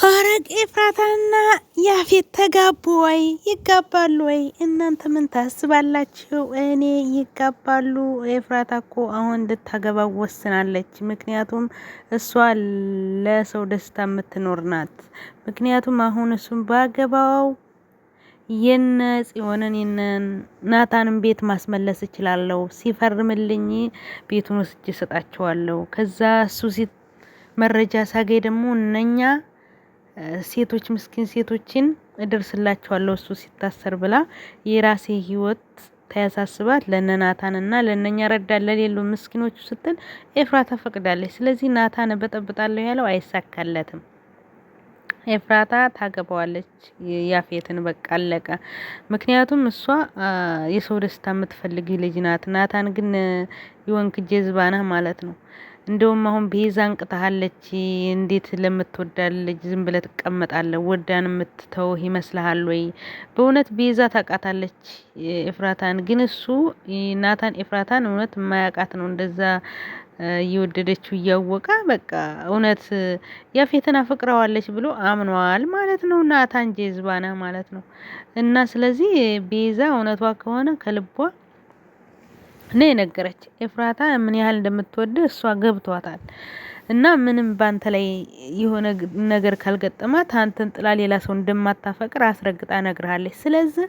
ሐረግ ኤፍራታና ያፌት ተጋቡ ወይ? ይጋባሉ ወይ? እናንተ ምን ታስባላችሁ? እኔ ይጋባሉ። ኤፍራታ እኮ አሁን እንድታገባ ወስናለች። ምክንያቱም እሷ ለሰው ደስታ የምትኖር ናት። ምክንያቱም አሁን እሱን ባገባው የነ ጽዮንን የነ ናታንን ቤት ማስመለስ እችላለሁ። ሲፈርምልኝ ቤቱን ወስጄ እሰጣቸዋለሁ። ከዛ እሱ መረጃ ሳገኝ ደግሞ እነኛ ሴቶች ምስኪን ሴቶችን እደርስላችኋለሁ እሱ ሲታሰር ብላ የራሴ ህይወት ታያሳስባት ለነ ናታንና ለነኛ ረዳ ለሌሉ ምስኪኖቹ ስትል ኤፍራታ ፈቅዳለች። ስለዚህ ናታን በጠብጣለሁ ያለው አይሳካለትም። ኤፍራታ ታገባዋለች ያፌትን። በቃ አለቀ። ምክንያቱም እሷ የሰው ደስታ የምትፈልግ ልጅ ናት። ናታን ግን የወንክ ጀዝባ ነህ ማለት ነው። እንደውም አሁን ቤዛ እንቅታሃለች። እንዴት ለምትወዳት ልጅ ዝም ብለህ ትቀመጣለህ? ወዳን የምትተው ይመስልሃል ወይ? በእውነት ቤዛ ታውቃታለች ኤፍራታን። ግን እሱ ናታን ኤፍራታን እውነት የማያውቃት ነው እንደዛ እየወደደችው እያወቀ በቃ እውነት ያፌትን አፍቅረዋለች ብሎ አምኗል ማለት ነው። ናታን ጀዝባ ማለት ነው። እና ስለዚህ ቤዛ እውነቷ ከሆነ ከልቧ እኔ የነገረች። ኤፍራታ ምን ያህል እንደምትወድ እሷ ገብቷታል። እና ምንም ባንተ ላይ የሆነ ነገር ካልገጠማት አንተን ጥላ ሌላ ሰው እንደማታፈቅር አስረግጣ ነግርሃለች። ስለዚህ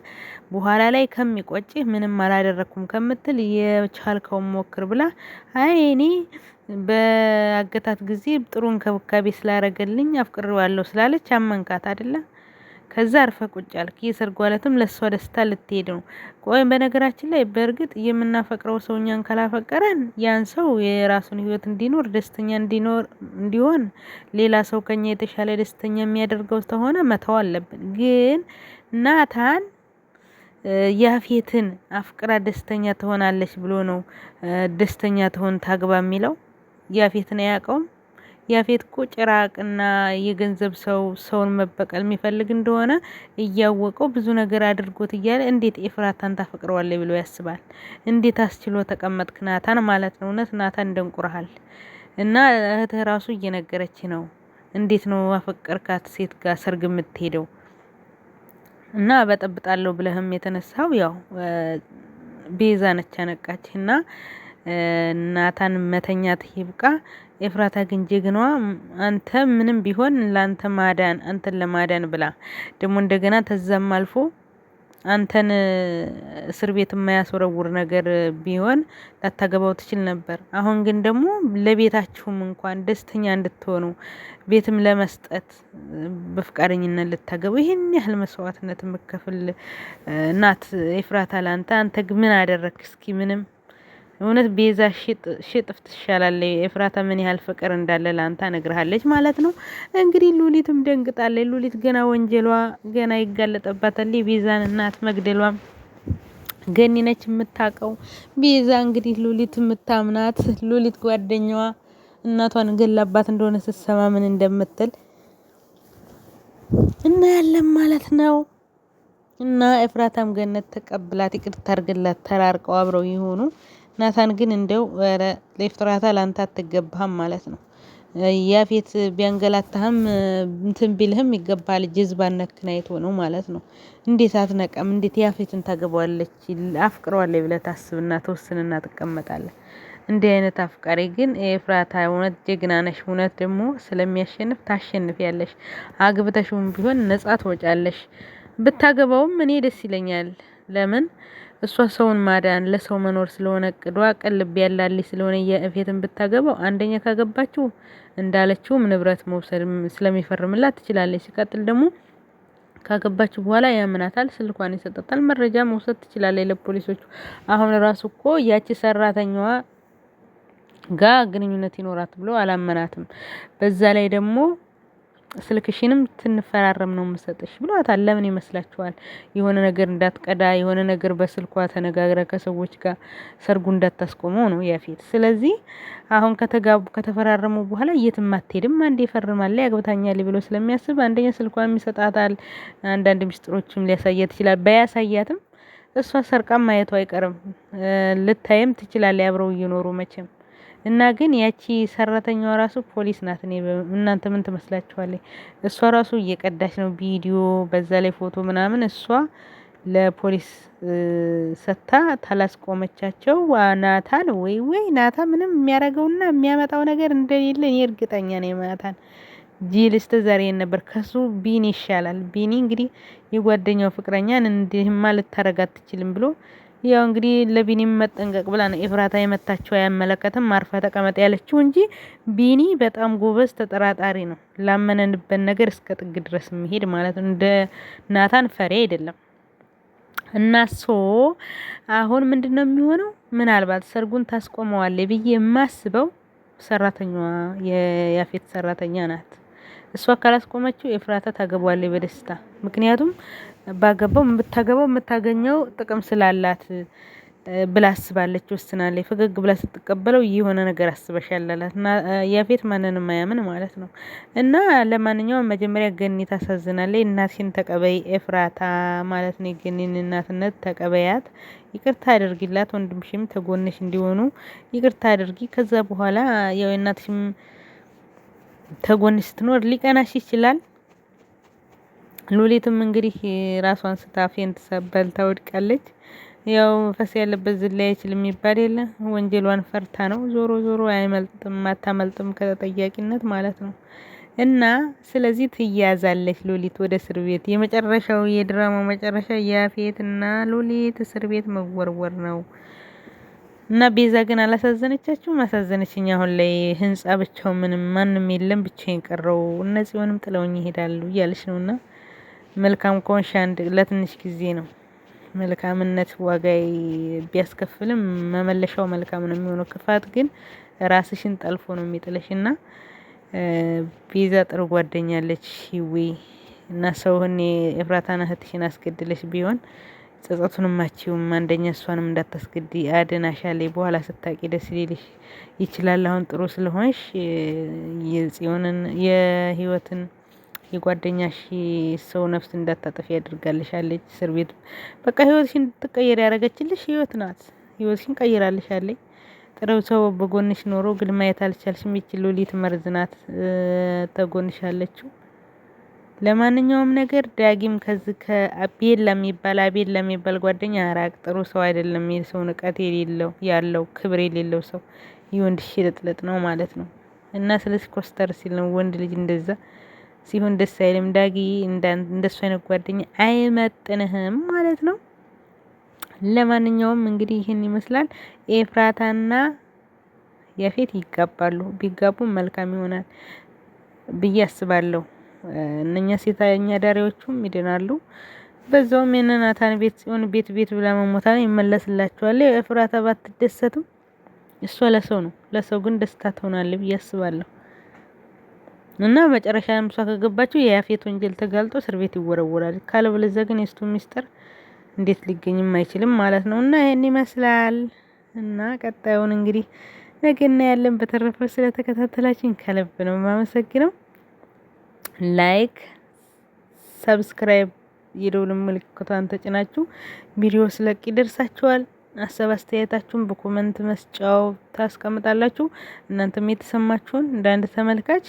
በኋላ ላይ ከሚቆጭ ምንም አላደረኩም ከምትል የቻልከውን ሞክር ብላ አይ እኔ በአገታት ጊዜ ጥሩ እንክብካቤ ስላረገልኝ አፍቅሬዋለሁ ስላለች አመንካት አይደለም። ከዛ አርፈ ቁጭ አልክ። የሰርጓ ዕለትም ለእሷ ደስታ ልትሄድ ነው። ቆይ በነገራችን ላይ በእርግጥ የምናፈቅረው ሰው እኛን ካላፈቀረን ያን ሰው የራሱን ህይወት እንዲኖር ደስተኛ እንዲኖር እንዲሆን ሌላ ሰው ከኛ የተሻለ ደስተኛ የሚያደርገው ተሆነ መተው አለብን። ግን ናታን ያፌትን አፍቅራ ደስተኛ ትሆናለች ብሎ ነው ደስተኛ ትሆን ታግባ የሚለው ያፌትን አያውቀውም። ያፌት እኮ ጭራቅና የገንዘብ ሰው ሰውን መበቀል የሚፈልግ እንደሆነ እያወቀው ብዙ ነገር አድርጎት እያለ እንዴት ኤፍራታን ታፈቅረዋለ ብሎ ያስባል? እንዴት አስችሎ ተቀመጥክ ናታን ማለት ነው። እውነት ናታን ደንቁረሃል። እና እህትህ ራሱ እየነገረች ነው። እንዴት ነው ማፈቀርካት ሴት ጋር ሰርግ የምትሄደው እና በጠብጣለሁ ብለህም የተነሳው ያው ቤዛ ነች ያነቃችህ እና ናታን መተኛት ይብቃ። ኤፍራታ ግን ጀግናዋ አንተ ምንም ቢሆን ለአንተ ማዳን አንተን ለማዳን ብላ ደግሞ እንደገና ተዛም አልፎ አንተን እስር ቤት የማያስወረውር ነገር ቢሆን ላታገባው ትችል ነበር። አሁን ግን ደግሞ ለቤታችሁም እንኳን ደስተኛ እንድትሆኑ ቤትም ለመስጠት በፍቃደኝነት ልታገቡ ይህን ያህል መስዋዕትነት የምከፍል እናት ኤፍራታ ላንተ አንተ ምን አደረግ እስኪ ምንም እውነት ቤዛ ሽጥፍ ትሻላለች። ኤፍራታ ምን ያህል ፍቅር እንዳለ ለአንተ ነግርሃለች ማለት ነው። እንግዲህ ሉሊትም ደንግጣለች። ሉሊት ገና ወንጀሏ ገና ይጋለጠባታል። ቤዛን እናት መግደሏ ገኒ ነች የምታውቀው። ቤዛ እንግዲህ ሉሊት የምታምናት ሉሊት ጓደኛዋ እናቷን ገላባት እንደሆነ ስትሰማ ምን እንደምትል እናያለን ማለት ነው። እና ኤፍራታም ገነት ተቀብላት ይቅርታ አድርግላት፣ ተራርቀው አብረው ይሆኑ። ናታን ግን እንደው ኧረ ኤፍራታ ላንተ አትገባህም ማለት ነው። ያፌት ቢያንገላታህም እንትን ቢልህም ይገባል። ጅዝባ ነክናይት አይቶ ማለት ነው። እንዴት አትነቀም? እንዴት ያፌትን ታገባዋለች አፍቅረዋለች ብለህ ታስብና ተወስንና ትቀመጣለህ። እንዲህ አይነት አፍቃሪ ግን ኤፍራታ እውነት ጀግና ነሽ። እውነት ደግሞ ስለሚያሸንፍ ያለሽ አግብተሽውም ቢሆን ነጻ ትወጫለሽ። ብታገባውም እኔ ደስ ይለኛል። ለምን እሷ ሰውን ማዳን ለሰው መኖር ስለሆነ ቅዷ ቀልብ ያላልች ስለሆነ የእፌትን ብታገባው አንደኛ ካገባችው እንዳለችውም ንብረት መውሰድ ስለሚፈርምላት ትችላለች። ሲቀጥል ደግሞ ካገባችሁ በኋላ ያምናታል፣ ስልኳን ይሰጣታል፣ መረጃ መውሰድ ትችላለች ለፖሊሶቹ። አሁን ራሱ እኮ ያቺ ሰራተኛዋ ጋ ግንኙነት ይኖራት ብሎ አላመናትም። በዛ ላይ ደግሞ ስልክሽንም ትንፈራረም ነው የምሰጥሽ ብሏታል። ለምን ይመስላችኋል? የሆነ ነገር እንዳትቀዳ የሆነ ነገር በስልኳ ተነጋግረ ከሰዎች ጋር ሰርጉ እንዳታስቆመው ነው ያፌት። ስለዚህ አሁን ከተጋቡ ከተፈራረሙ በኋላ የትም አትሄድም፣ አንዴ ይፈርማል ያገብታኛል ብሎ ስለሚያስብ አንደኛ ስልኳም ይሰጣታል፣ አንዳንድ ሚስጥሮችም ሊያሳያት ይችላል። ባያሳያትም እሷ ሰርቃም ማየቱ አይቀርም፣ ልታይም ትችላል። አብረው እየኖሩ መቼም እና ግን ያቺ ሰራተኛዋ ራሱ ፖሊስ ናት። እኔ እናንተ ምን ትመስላችኋለች? እሷ ራሱ እየቀዳች ነው ቪዲዮ፣ በዛ ላይ ፎቶ ምናምን እሷ ለፖሊስ ሰታ ታላስቆመቻቸው ናታን ወይ ወይ ናታ ምንም የሚያደርገውና የሚያመጣው ነገር እንደሌለ እኔ እርግጠኛ ነኝ። ናታን ጅል እስከ ዛሬ ነበር። ከሱ ቢኒ ይሻላል። ቢኒ እንግዲህ የጓደኛው ፍቅረኛን እንዲህማ ልታረግ አትችልም ብሎ ያው እንግዲህ ለቢኒም መጠንቀቅ ብላ ነው ኤፍራታ የመታቸው። አያመለከትም አርፋ ተቀመጥ ያለችው እንጂ ቢኒ በጣም ጎበዝ ተጠራጣሪ ነው። ላመነንበት ነገር እስከ ጥግ ድረስ የሚሄድ ማለት ነው። እንደ ናታን ፈሪ አይደለም። እና ሶ አሁን ምንድን ነው የሚሆነው? ምናልባት ሰርጉን ታስቆመዋለ ብዬ የማስበው ሰራተኛዋ የያፌት ሰራተኛ ናት። እሷ ካላስቆመችው ኤፍራታ ታገቧለ በደስታ ምክንያቱም ባገባው ብታገባው የምታገኘው ጥቅም ስላላት ብላ አስባለች ወስናለች። ፈገግ ብላ ስትቀበለው የሆነ ነገር አስበሽ ያላላት እና ያፌት ማንንም ማያምን ማለት ነው። እና ለማንኛውም መጀመሪያ ገኒ ታሳዝናለች። እናትሽን ተቀበይ ኤፍራታ ማለት ነው። የገኒን እናትነት ተቀበያት፣ ይቅርታ አድርጊላት። ወንድምሽም ተጎነሽ እንዲሆኑ ይቅርታ አድርጊ። ከዛ በኋላ ያው እናትሽም ተጎንሽ ስትኖር ሊቀናሽ ይችላል ሉሊትም እንግዲህ ራሷን ስታፌን ትሰበል ታወድቃለች። ያው መንፈስ ያለበት ዝላይ አይችልም የሚባል የለ። ወንጀሏን ፈርታ ነው። ዞሮ ዞሮ አይመልጥም፣ አታመልጥም ከተጠያቂነት ማለት ነው። እና ስለዚህ ትያዛለች ሉሊት ወደ እስር ቤት። የመጨረሻው የድራማው መጨረሻ ያፌት እና ሉሊት እስር ቤት መወርወር ነው። እና ቤዛ ግን አላሳዘነቻችሁም? አሳዘነችኝ። አሁን ላይ ህንጻ ብቻው ምንም ማንም የለም ብቻ ቀረው፣ እነዚህ ወንም ጥለውኝ ይሄዳሉ እያለች ነውና መልካም ከሆንሽ አንድ ለትንሽ ጊዜ ነው። መልካምነት ዋጋ ቢያስከፍልም መመለሻው መልካም ነው የሚሆነው። ክፋት ግን ራስሽን ጠልፎ ነው የሚጥልሽ። እና ቤዛ ጥሩ ጓደኛ አለች እና ሰውህን የፍራታን እህትሽን አስገድለሽ ቢሆን ጸጸቱንም አችውም አንደኛ እሷንም እንዳታስገድ አድናሻሌ በኋላ ስታቂ ደስ ሊልሽ ይችላል። አሁን ጥሩ ስለሆንሽ የጽዮንን የህይወትን የጓደኛሽ ሰው ነፍስ እንዳታጠፊ ያደርጋልሻለች። እስር ቤት በቃ ህይወትሽን እንድትቀየር ያደረገችልሽ ህይወት ናት። ህይወትሽን ቀይራልሻለች። ጥረው ሰው በጎንሽ ኖሮ ግን ማየት አልቻልሽም። ይች ሉሊት መርዝ ናት ተጎንሽ አለችው። ለማንኛውም ነገር ዳጊም ከዚ ከአቤል ለሚባል አቤል ለሚባል ጓደኛ ራቅ። ጥሩ ሰው አይደለም። የሰው ንቀት የሌለው ያለው ክብር የሌለው ሰው ይወንድሽ ሽልጥልጥ ነው ማለት ነው። እና ስለዚህ ኮስተር ሲል ነው ወንድ ልጅ እንደዛ ሲሆን ደስ አይልም። ዳጊ እንደሱ አይነት ጓደኛ አይመጥንህም ማለት ነው። ለማንኛውም እንግዲህ ይህን ይመስላል። ኤፍራታና ያፌት ይጋባሉ። ቢጋቡ መልካም ይሆናል ብዬ አስባለሁ። እነኛ ሴተኛ አዳሪዎቹም ይድናሉ። በዛውም የነናታን ቤት ሲሆን ቤት ቤት ብላ መሞታ ይመለስላቸዋል። ኤፍራታ ባትደሰትም እሷ ለሰው ነው፣ ለሰው ግን ደስታ ትሆናለች ብዬ አስባለሁ። እና መጨረሻ እሷ ከገባችው የያፌት ወንጀል ተጋልጦ እስር ቤት ይወረወራል። ካለበለዚያ ግን የስቱ ሚስጥር እንዴት ሊገኝም አይችልም ማለት ነው። እና ይህን ይመስላል እና ቀጣዩን እንግዲህ ነገ እናያለን። በተረፈ ስለተከታተላችን ከልብ ነው የማመሰግነው። ላይክ፣ ሰብስክራይብ የደውል ምልክቷን ተጭናችሁ ቪዲዮ ስለቅ ይደርሳችኋል። ሀሳብ አስተያየታችሁን በኮመንት መስጫው ታስቀምጣላችሁ። እናንተም የተሰማችሁን እንደ አንድ ተመልካች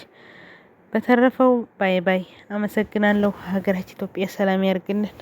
በተረፈው ባይ ባይ። አመሰግናለሁ። ሀገራችን ኢትዮጵያ ሰላም ያርግልን።